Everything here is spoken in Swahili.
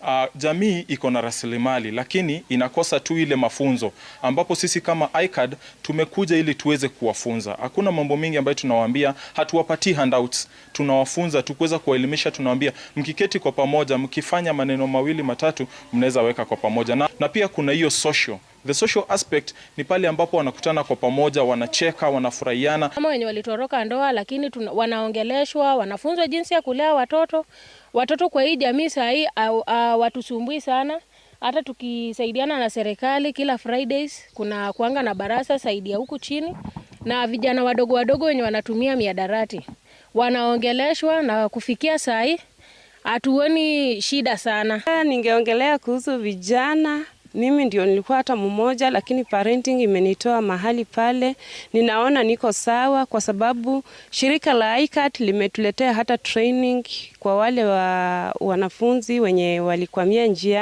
uh, jamii iko na rasilimali lakini inakosa tu ile mafunzo, ambapo sisi kama ICAD tumekuja ili tuweze kuwafunza. Hakuna mambo mengi ambayo tunawaambia, hatuwapatii handouts, tunawafunza tu kuweza kuwaelimisha. Tunawaambia mkiketi kwa pamoja, mkifanya maneno mawili matatu, mnaweza weka kwa pamoja na, na pia kuna hiyo social The social aspect ni pale ambapo wanakutana kwa pamoja, wanacheka, wanafurahiana. Kama wenye walitoroka ndoa, lakini tuna, wanaongeleshwa, wanafunzwa jinsi ya kulea watoto. Watoto kwa hii jamii saa hii watusumbui sana, hata tukisaidiana na serikali kila Fridays kuna kuanga na barasa saidia huku chini, na vijana wadogo wadogo wenye wanatumia miadarati wanaongeleshwa, na kufikia saa hii hatuoni shida sana. Ningeongelea kuhusu vijana mimi ndio nilikuwa hata mmoja, lakini parenting imenitoa mahali pale. Ninaona niko sawa, kwa sababu shirika la ICAT limetuletea hata training kwa wale wa wanafunzi wenye walikwamia njiani.